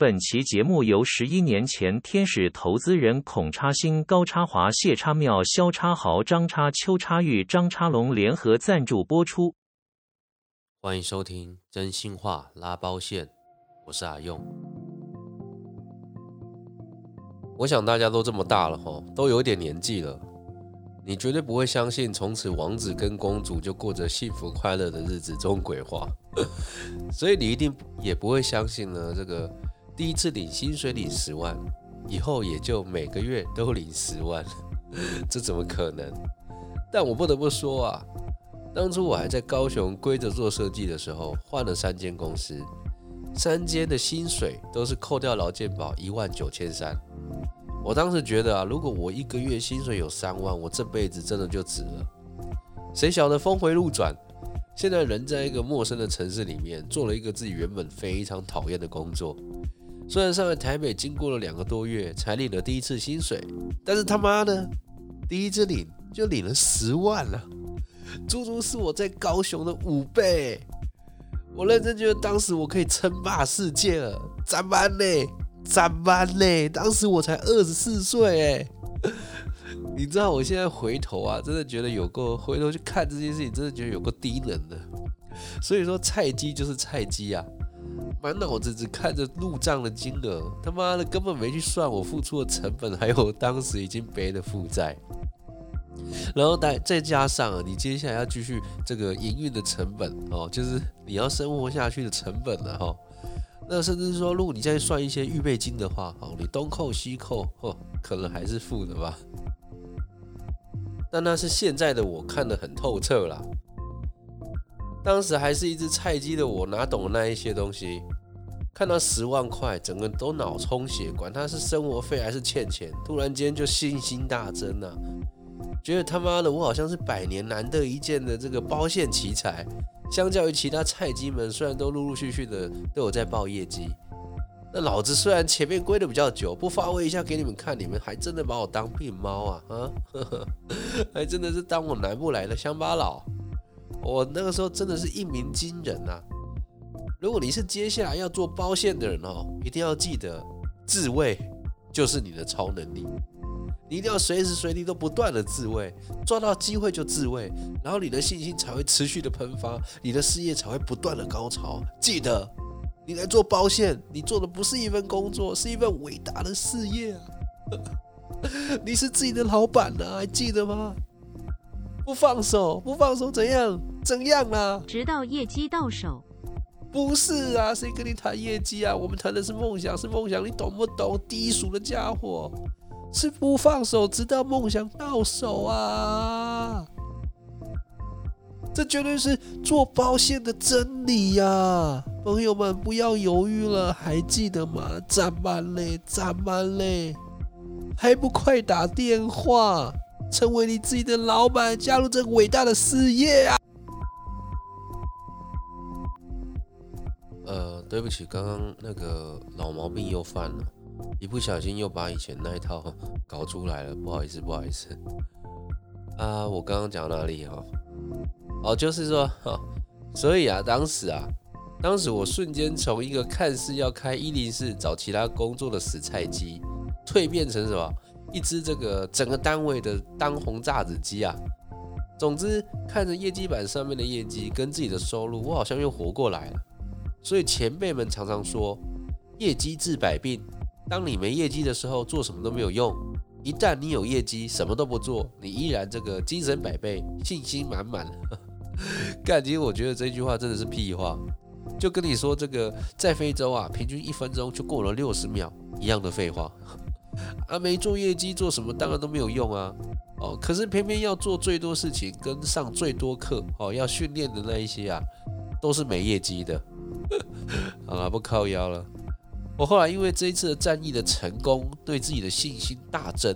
本期節目由十一年前天使投資人孔差欣、高差華、謝差妙、蕭差豪、張差、邱差諭、張差龍聯合贊助播出。歡迎收聽《真心話拉包餡》，我是阿用。我想大家都這麼大了，都有點年紀了，你絕對不會相信，從此王子跟公主就過着幸福快樂的日子這種鬼話， 所以你一定也不會相信呢這個。第一次領薪水領十萬，以後也就每個月都領十萬， 這怎麼可能？但我不得不說啊，當初我還在高雄龜著做設計的時候，換了三間公司，三間的薪水都是扣掉勞健保一萬九千三。我當時覺得啊，如果我一個月薪水有三萬，我這輩子真的就值了。誰曉得峰回路轉，現在人在一個陌生的城市裡面，做了一個自己原本非常討厭的工作。雖然上來台北經過了兩個多月才領了第一次薪水，但是他媽的，第一次領就領了十萬了，啊，足足是我在高雄的五倍。我認真覺得當時我可以稱霸世界了，怎麼辦嘞，怎麼辦嘞。當時我才二十四歲誒， 你知道我現在回頭啊，真的覺得有夠回頭去看這件事情，真的覺得有夠低能了。所以說菜雞就是菜雞啊。滿腦子只看着入賬的金額，他媽的，根本沒去算我付出的成本，還有我當時已經背的負債，然後帶再加上你接下來要繼續這個營運的成本哦，就是你要生活下去的成本了哈。那甚至說，如果你再算一些預備金的話，哦，你東扣西扣，哦，可能還是負的吧。但那，那是現在的我看得很透徹了。當時還是一隻菜雞的我，哪懂的，那一些東西？看到十萬塊，整個都腦充血，管他是生活費還是欠錢，突然間就信心大增啊，覺得他媽的我好像是百年難得一見的這個包餡奇才。相較於其他菜雞們，雖然都陸陸續續的都有在報業績，那老子雖然前面龜的比較久，不發威一下給你們看，你們還真的把我當病貓啊啊！啊 還真的是當我南部來的鄉巴佬。我、oh, 那個時候真的是一鳴驚人吶、啊！如果你是接下來要做包餡的人哦，一定要記得自慰就是你的超能力，你一定要隨時隨地都不斷的自慰，抓到機會就自慰，然後你的信心才會持續的噴發，你的事業才會不斷的高潮。記得，你來做包餡，你做的不是一份工作，是一份偉大的事業啊！ 你是自己的老闆呢、啊？還記得嗎？不放手，不放手，怎樣？怎樣啊？直到業績到手。不是啊，誰跟你談業績啊？我們談的是夢想，是夢想，你懂不懂？低俗的傢伙，是不放手，直到夢想到手啊！這絕對是做保險的真理呀、啊，朋友們，不要猶豫了，還記得嗎？怎滿嘞，怎滿嘞，還不快打電話，成為你自己的老闆，加入這個偉大的事業啊！呃，對不起，剛剛那個老毛病又犯了，一不小心又把以前那一套搞出來了，不好意思，不好意思。啊，我剛剛講哪裡哦？哦，就是說，所以啊，當時啊，當時我瞬間從一個看似要開一零四找其他工作的死菜雞，蛻變成什麼？一隻這個整個單位的當紅炸子雞啊！總之，看着業績板上面的業績跟自己的收入，我好像又活過來了。所以前輩們常常說，業績治百病。當你沒業績的時候，做什麼都沒有用；一旦你有業績，什麼都不做，你依然這個精神百倍，信心滿滿。幹 金，我覺得這句話真的是屁話。就跟你說，這個在非洲啊，平均一分鐘就過了六十秒一樣的廢話。 啊，沒做業績，做什麼當然都沒有用啊。哦，可是偏偏要做最多事情，跟上最多課，哦，要訓練的那一些啊，都是沒業績的。 好了，不靠腰了。我後來因為這一次的戰役的成功，對自己的信心大增。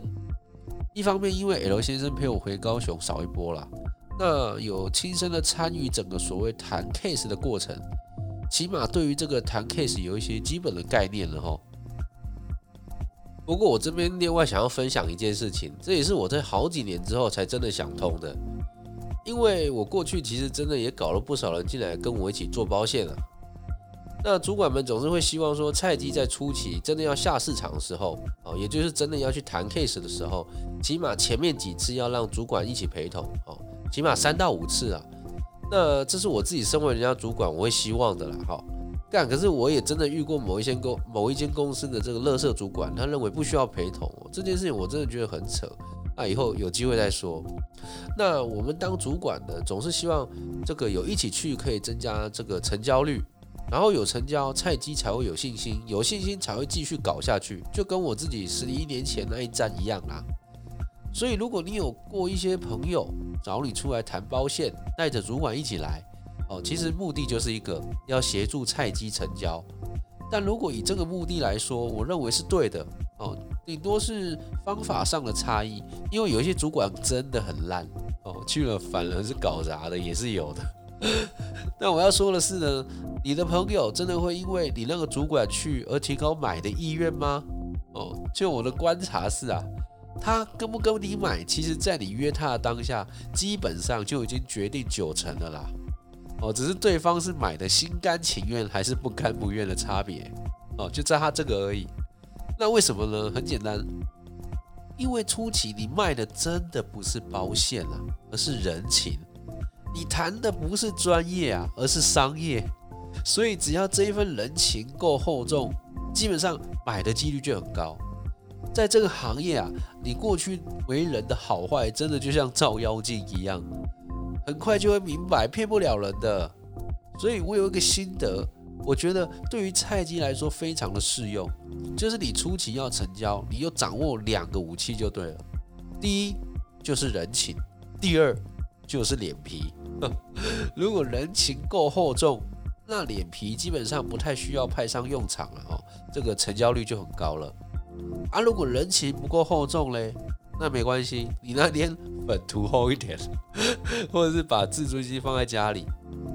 一方面因為 L 先生陪我回高雄掃一波了，那有親身的參與整個所謂談 case 的過程，起碼對於這個談 case 有一些基本的概念了吼。不過我這邊另外想要分享一件事情，這也是我在好幾年之後才真的想通的，因為我過去其實真的也搞了不少人進來跟我一起做包餡啊。那主管們總是會希望說，菜雞在初期真的要下市場的時候，哦，也就是真的要去談 case 的時候，起碼前面幾次要讓主管一起陪同，哦，起碼三到五次啊。那這是我自己身為人家主管，我會希望的啦，哈。幹，可是我也真的遇過某一間公某一間公司的這個樂色主管，他認為不需要陪同，哦，這件事情，我真的覺得很扯啊。那以後有機會再說。那我們當主管的，總是希望這個有一起去可以增加這個成交率。然後有成交，菜雞才會有信心，有信心才會繼續搞下去。就跟我自己十一年前那一戰一樣啦。所以，如果你有過一些朋友找你出來談包線，帶着主管一起來，哦，其實目的就是一個要協助菜雞成交。但如果以這個目的來說，我認為是對的。哦，頂多是方法上的差異，因為有一些主管真的很爛，哦，去了反而是搞砸的，也是有的。 那我要說的是呢，你的朋友真的會因為你那個主管去而提高買的意願嗎？哦，就我的觀察是啊，他跟不跟你買，其實在你約他的當下，基本上就已經決定九成了啦。哦，只是對方是買的心甘情願還是不甘不願的差別。哦，就在他這個而已。那為什麼呢？很簡單，因為初期你賣的真的不是保險啦，而是人情。你談的不是專業啊，而是商業，所以只要這一份人情夠厚重，基本上買的幾率就很高。在這個行業啊，你過去為人的好壞真的就像照妖鏡一樣，很快就會明白騙不了人的。所以我有一個心得，我覺得對於菜雞來說非常的適用，就是你初期要成交，你就掌握兩個武器就對了。第一就是人情，第二，就是臉皮， 如果人情夠厚重，那臉皮基本上不太需要派上用場了哦，這個成交率就很高了。啊，如果人情不夠厚重嘞，那沒關係，你那天粉塗厚一點，或者是把自尊心放在家裡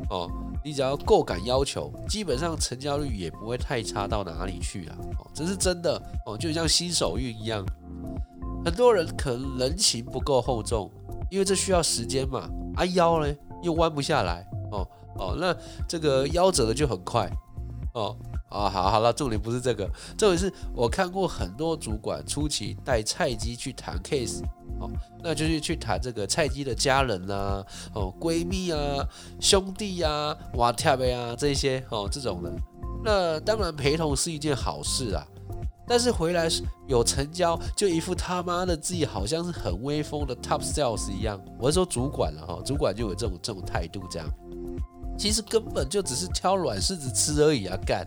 哦，你只要夠敢要求，基本上成交率也不會太差到哪裡去啊、哦。這是真的哦，就像新手運一樣，很多人可能人情不夠厚重。因為這需要時間嘛，啊腰呢又彎不下來，哦哦，那這個夭折的就很快，哦啊、哦，好好了，重點不是這個，重點是我看過很多主管初期帶菜雞去談 case，哦，那就是去談這個菜雞的家人吶、啊，哦閨蜜啊，兄弟啊，哇跳唄啊這些哦這種的，那當然陪同是一件好事啊。但是回來有成交，就一副他媽的自己好像是很威風的 top sales 一樣。我是說主管了哈，主管就有這種這種態度這樣。其實根本就只是挑軟柿子吃而已啊，幹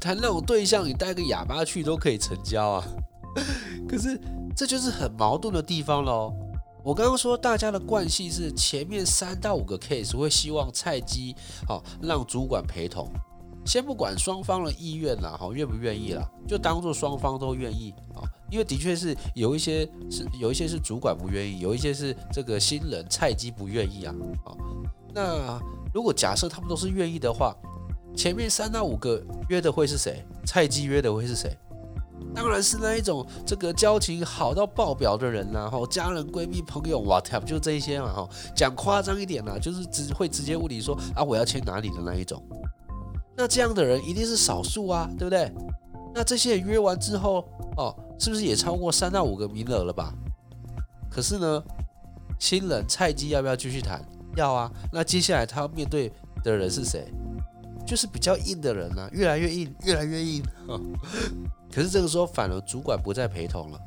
談那種對象，你帶個啞巴去都可以成交啊。可是這就是很矛盾的地方嘍。我剛剛說大家的慣性是前面三到五個 case 會希望菜雞，哦讓主管陪同。先不管雙方的意願啦，哈，願不願意啦，就當做雙方都願意啊，因為的確是有一些是有一些是主管不願意，有一些是這個新人菜雞不願意啊，啊，那如果假設他們都是願意的話，前面三到五個約的會是誰？菜雞約的會是誰？當然是那一種這個交情好到爆表的人啦，哈，家人、閨蜜、朋友，whatever 就這一些嘛，哈，講誇張一點啦、啊，就是只會直接問你說啊，我要簽哪裡的那一種。那這樣的人一定是少數啊，對不對？那這些人約完之後，哦，是不是也超過三到五個名額了吧？可是呢，新人菜雞要不要繼續談？要啊。那接下來他要面對的人是誰？就是比較硬的人啊，越來越硬，越來越硬，呵呵。可是這個時候，反而主管不再陪同了，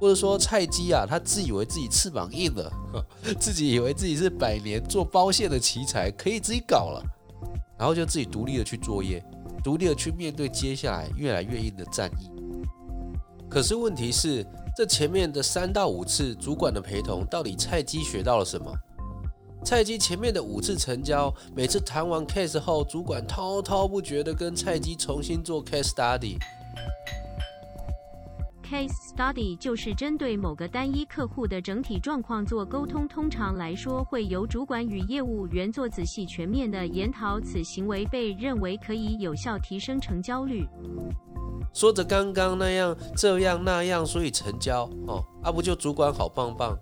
或者說菜雞啊，他自以為自己翅膀硬了，自己以為自己是百年做包餡的奇才，可以自己搞了。然後就自己獨立的去作業，獨立的去面對接下來越來越硬的戰役。可是問題是，這前面的三到五次主管的陪同，到底菜雞學到了什麼？菜雞前面的五次成交，每次談完 case 後，主管滔滔不絕地跟菜雞重新做 case study。Case study 就是針對某個單一客戶的整體狀況做溝通，通常來說會由主管與業務員做仔細全面的研討，此行為被認為可以有效提升成交率。說着剛剛那樣這樣那樣，所以成交哦，阿、啊、不就主管好棒棒，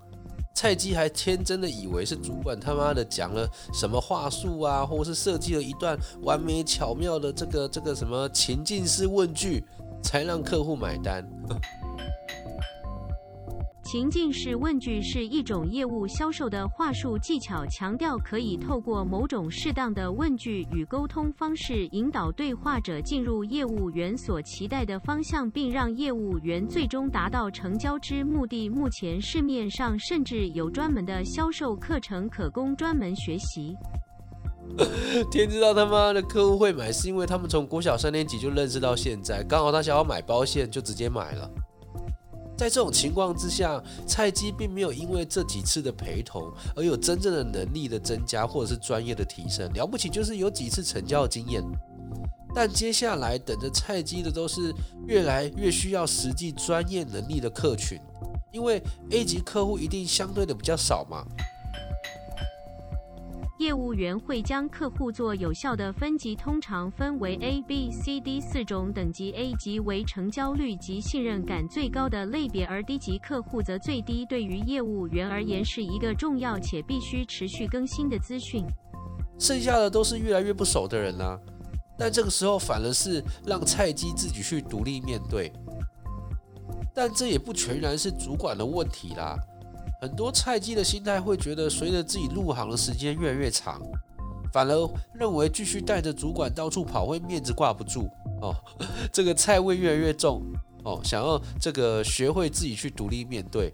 菜雞還天真的以為是主管他媽的講了什麼話術啊，或是設計了一段完美巧妙的這個這個什麼情境式問句。才讓客戶買單。 情境式問句是一種業務銷售的話術技巧，強調可以透過某種適當的問句與溝通方式，引導對話者進入業務員所期待的方向，並讓業務員最終達到成交之目的。目前市面上甚至有專門的銷售課程可供專門學習。 天知道他媽的客戶會買，是因為他們從國小三年級就認識到現在，剛好他想要買包線就直接買了。在這種情況之下，菜雞並沒有因為這幾次的陪同而有真正的能力的增加或者是專業的提升，了不起就是有幾次成交的經驗。但接下來等着菜雞的都是越來越需要實際專業能力的客群，因為 A 級客戶一定相對的比較少嘛。業務員會將客戶做有效的分級，通常分為 A、B、C、D 四種等級。A 級為成交率及信任感最高的類別，而 D 級客戶則最低。對於業務員而言，是一個重要且必須持續更新的資訊。剩下的都是越來越不熟的人啦、啊。但這個時候反而是讓菜雞自己去獨立面對，但這也不全然是主管的問題啦。很多菜雞的心態會覺得，隨着自己入行的時間越來越長，反而認為繼續帶着主管到處跑會面子掛不住哦，這個菜味越來越重哦，想要這個學會自己去獨立面對。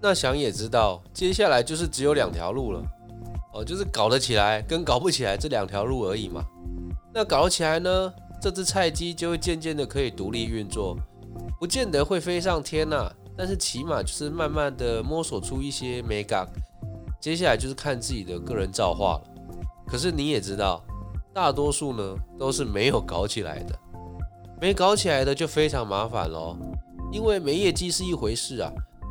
那想也知道，接下來就是只有兩條路了哦，就是搞得起來跟搞不起來這兩條路而已嘛。那搞起來呢，這隻菜雞就會漸漸的可以獨立運作，不見得會飛上天吶、啊。但是起碼就是慢慢的摸索出一些美感，接下來就是看自己的個人造化了。可是你也知道，大多數呢都是沒有搞起來的，沒搞起來的就非常麻煩咯。因為沒業績是一回事啊，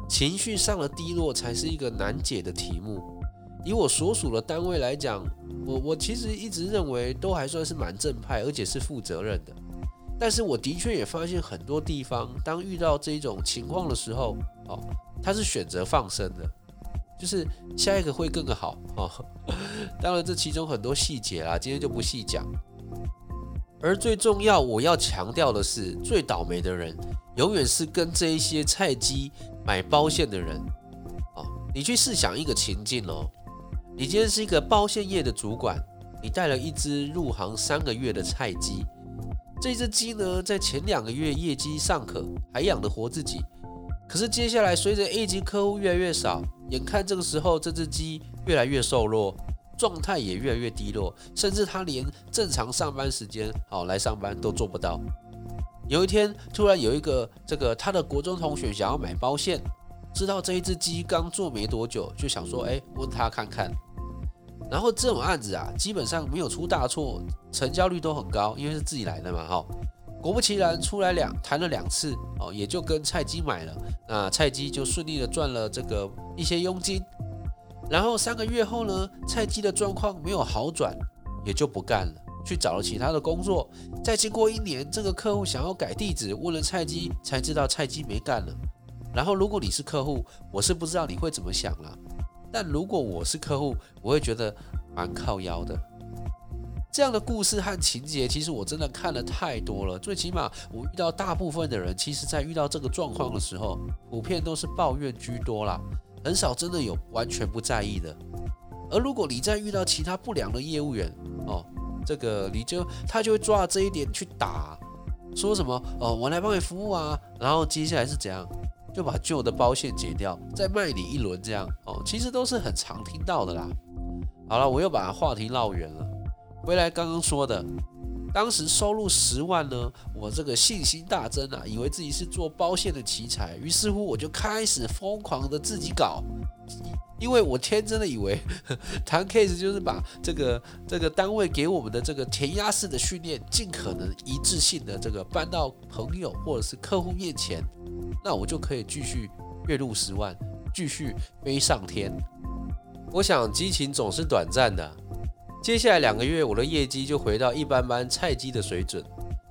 情緒上的低落才是一個難解的題目。以我所屬的單位來講，我我其實一直認為都還算是蠻正派，而且是負責任的。但是我的確也發現很多地方，當遇到這種情況的時候，哦，他是選擇放生的，就是下一個會更好，哦，當然這其中很多細節啦，今天就不細講。而最重要我要強調的是，最倒霉的人永遠是跟這一些菜雞買包線的人。哦，你去試想一個情境哦，你今天是一個包線業的主管，你帶了一只入行三個月的菜雞。這隻雞呢，在前兩個月業績尚可，還養得活自己。可是接下來，隨着 A 級客戶越來越少，眼看這個時候，這隻雞越來越瘦弱，狀態也越來越低落，甚至他連正常上班時間，好、哦、來上班都做不到。有一天，突然有一個這個他的國中同學想要買包餡，知道這一隻雞剛做沒多久，就想說，哎，問他看看。然後這種案子啊，基本上沒有出大錯，成交率都很高，因為是自己來的嘛，哈。果不其然，出來兩談了兩次，哦，也就跟菜雞買了，那菜雞就順利的賺了這個一些佣金。然後三個月後呢，菜雞的狀況沒有好轉，也就不幹了，去找了其他的工作。再經過一年，這個客戶想要改地址，問了菜雞才知道菜雞沒幹了。然後如果你是客戶，我是不知道你會怎麼想了。但如果我是客戶，我會覺得蠻靠腰的。這樣的故事和情節，其實我真的看了太多了。最起碼我遇到大部分的人，其實在遇到這個狀況的時候，普遍都是抱怨居多啦，很少真的有完全不在意的。而如果你在遇到其他不良的業務員哦，這個你就他就會抓這一點去打，說什麼哦，我來幫你服務啊，然後接下來是怎樣？就把舊的包線解掉，再賣你一輪，這樣哦，其實都是很常聽到的啦。好了，我又把話題繞遠了，回來剛剛說的。當時收入十萬呢，我這個信心大增啊，以為自己是做包餡的奇才，於是乎我就開始瘋狂的自己搞，因為我天真的以為談 case 就是把這個這個單位給我們的這個填鴨式的訓練，盡可能一致性的這個搬到朋友或者是客戶面前，那我就可以繼續月入十萬，繼續飛上天。我想激情總是短暫的。接下來兩個月，我的業績就回到一般般菜雞的水準，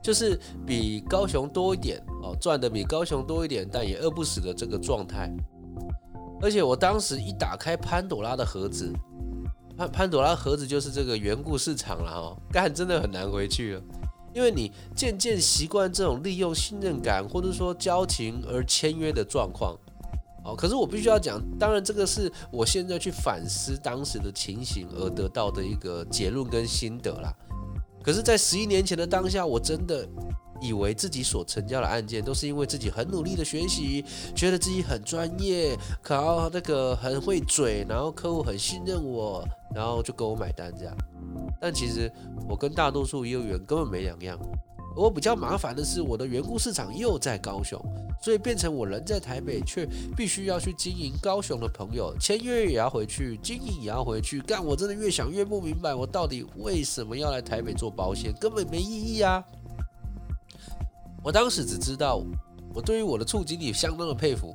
就是比高雄多一點哦，賺得比高雄多一點，但也餓不死的這個狀態。而且我當時一打開潘多拉的盒子，潘潘多拉盒子就是這個緣故市場了哦，幹真的很難回去了，因為你漸漸習慣這種利用信任感或者說交情而簽約的狀況。哦，可是我必須要講，當然這個是我現在去反思當時的情形而得到的一個結論跟心得啦。可是，在十一年前的當下，我真的以為自己所成交的案件都是因為自己很努力的學習，覺得自己很專業，然後那個很會嘴，然後客戶很信任我，然後就給我買單這樣。但其實我跟大多數業務員根本沒兩樣。而我比較麻煩的是，我的員工市場又在高雄，所以變成我人在台北，卻必須要去經營高雄的朋友，簽約也要回去，經營也要回去。幹，我真的越想越不明白，我到底為什麼要來台北做保險，根本沒意義啊！我當時只知道，我對於我的處境也相當的佩服，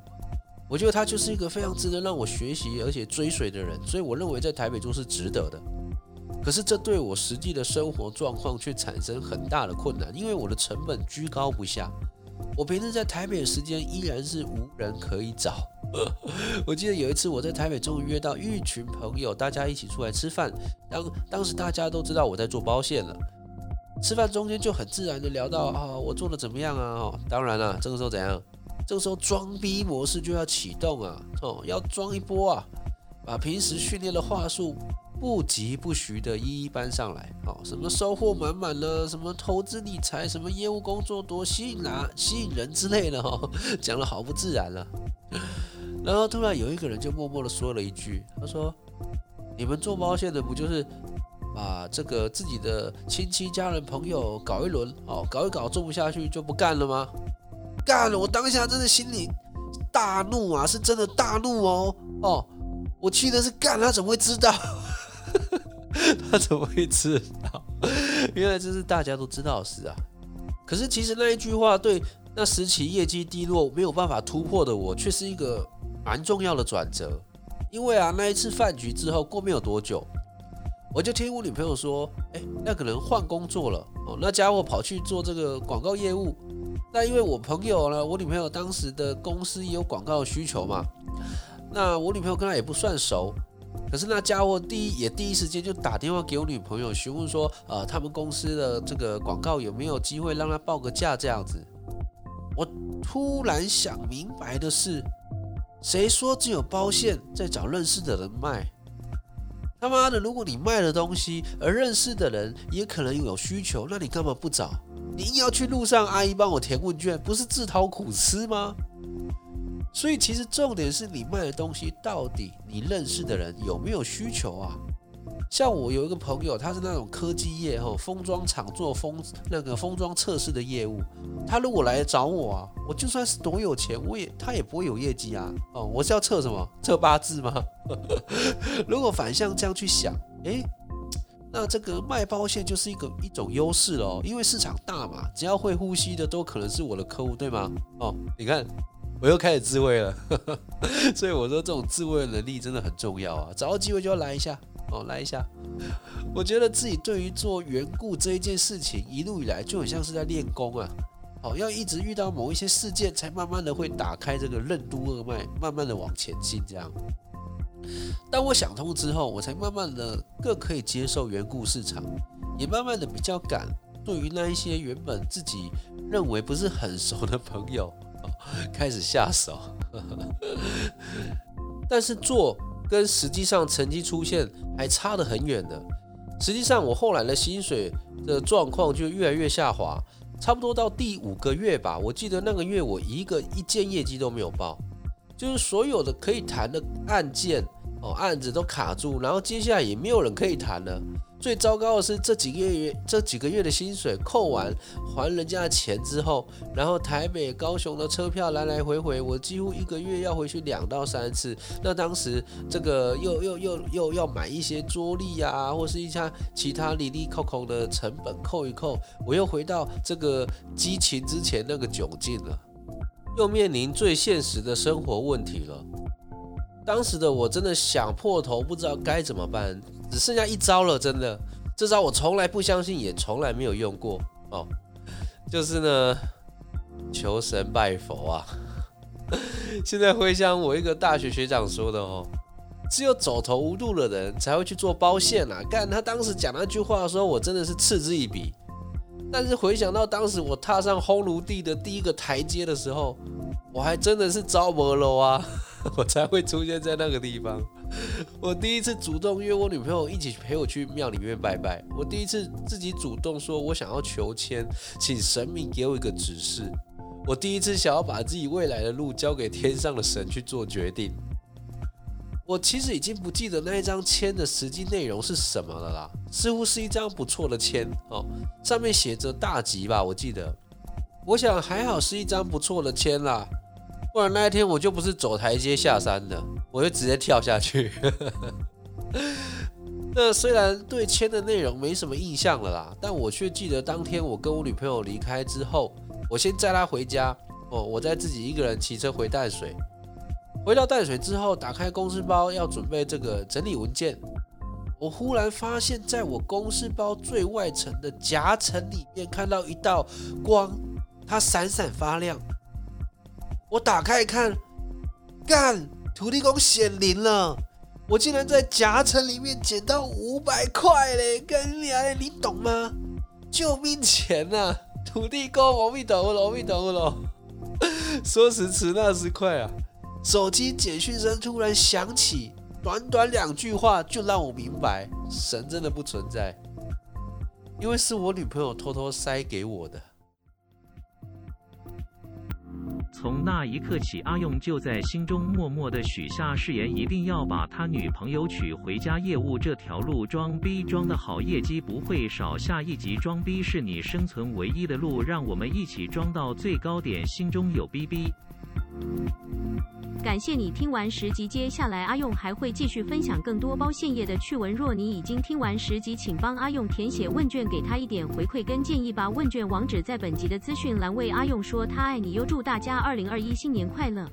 我覺得他就是一個非常值得讓我學習而且追隨的人，所以我認為在台北做是值得的。可是這對我實際的生活狀況卻產生很大的困難，因為我的成本居高不下。我平時在台北的時間依然是無人可以找。 我記得有一次我在台北終於約到一群朋友，大家一起出來吃飯。當當時大家都知道我在做包餡了，吃飯中間就很自然地聊到啊、哦，我做的怎麼樣啊？哦，當然了，這個時候怎樣？這個時候裝逼模式就要啟動啊！哦，要裝一波啊！把平時訓練的話術。不疾不徐地一一搬上來，哦，什麼收穫滿滿了，什麼投資理財，什麼業務工作多吸引啊，吸引人之類的，哦，講得好不自然了啊。然後突然有一個人就默默地說了一句：“他說，你們做保險的不就是把這個自己的親戚、家人、朋友搞一輪，哦，搞一搞，做不下去就不幹了嗎？”幹了！我當下真的心裡大怒啊，是真的大怒哦，哦，我氣的是幹他怎麼會知道？他怎麼會知道？原來這是大家都知道的事啊。可是其實那一句話，對那時期業績低落沒有辦法突破的我，卻是一個蠻重要的轉折。因為啊，那一次飯局之後過沒有多久，我就聽我女朋友說，誒，那可能換工作了哦，那家伙跑去做這個廣告業務。那因為我朋友呢，我女朋友當時的公司也有廣告需求嘛，那我女朋友跟他也不算熟。可是那家伙第一也第一時間就打電話給我女朋友，詢問說，呃，他們公司的這個廣告有沒有機會讓他報個價這樣子。我突然想明白的是，誰說只有包餡在找認識的人賣？他媽的，如果你賣的東西，而認識的人也可能有需求，那你幹嘛不找？你硬要去路上阿姨幫我填問卷，不是自討苦吃嗎？所以其實重點是你賣的東西到底你認識的人有沒有需求啊？像我有一個朋友，他是那種科技業吼、哦，封裝廠做封那個封裝測試的業務，他如果來找我啊，我就算是多有錢，我也他也不會有業績啊。哦，我是要測什麼？測八字嗎？ 如果反向這樣去想，誒，那這個賣包餡就是一個一種優勢哦。因為市場大嘛，只要會呼吸的都可能是我的客戶，對嗎？哦，你看。我又開始自慰了， 所以我說這種自慰的能力真的很重要啊！找到機會就要來一下，哦，來一下。我覺得自己對於做緣故這一件事情，一路以來就很像是在練功啊，哦，要一直遇到某一些事件，才慢慢的會打開這個任督二脈，慢慢的往前進。這樣，當我想通之後，我才慢慢的更可以接受緣故市場，也慢慢的比較敢對於那一些原本自己認為不是很熟的朋友。開始下手，但是做跟實際上成績出現還差得很遠的。實際上，我後來的薪水的狀況就越來越下滑，差不多到第五個月吧。我記得那個月我一個一件業績都沒有報，就是所有的可以談的案件。哦，案子都卡住，然後接下來也沒有人可以談了。最糟糕的是，這幾個月這幾個月的薪水扣完還人家的錢之後，然後台北、高雄的車票來來回回，我幾乎一個月要回去兩到三次。那當時這個又又又又要買一些桌椅呀、啊，或是一些其他哩哩摳摳的成本扣一扣，我又回到這個激情之前那個窘境了，又面臨最現實的生活問題了。當時的我真的想破頭，不知道該怎麼辦，只剩下一招了。真的，這招我從來不相信，也從來沒有用過哦。就是呢，求神拜佛啊。 現在回想我一個大學學長說的哦，只有走投無路的人才會去做包餡啊。幹，他當時講那句話的時候，我真的是嗤之以鼻。但是回想到當時我踏上烘爐地的第一個台階的時候，我還真的是著魔了啊。我才會出現在那個地方。我第一次主動約我女朋友一起陪我去廟裡面拜拜。我第一次自己主動說我想要求籤，請神明給我一個指示。我第一次想要把自己未來的路交給天上的神去做決定。我其實已經不記得那一張籤的實際內容是什麼了啦，似乎是一張不錯的籤哦，上面寫着大吉吧，我記得。我想還好是一張不錯的籤啦。不然那一天我就不是走台階下山的，我就直接跳下去。 那雖然對籤的內容沒什麼印象了啦，但我卻記得當天我跟我女朋友離開之後，我先載她回家，哦，我再自己一個人騎車回淡水。回到淡水之後，打開公事包要準備這個整理文件，我忽然發現在我公事包最外層的夾層裡面看到一道光，它閃閃發亮。我打開一看，幹，土地公顯靈了！我竟然在夾層裡面撿到五百塊嘞，幹你嘞，你懂嗎？救命錢吶、啊！土地公，阿彌陀佛，阿彌陀佛。 說時遲，那時快啊！手機簡訊聲突然響起，短短兩句話就讓我明白，神真的不存在，因為是我女朋友偷偷塞給我的。從那一刻起，阿勇就在心中默默地許下誓言，一定要把他女朋友娶回家。業務這條路裝逼裝的好，業績不會少。下一集裝逼是你生存唯一的路，讓我們一起裝到最高點，心中有逼逼。感謝你聽完十集，接下來阿用還會繼續分享更多包餡業的趣聞。若你已經聽完十集，請幫阿用填寫問卷，給他一點回饋跟建議吧。問卷網址在本集的資訊欄位。阿用說他愛你，又祝大家二零二一新年快樂。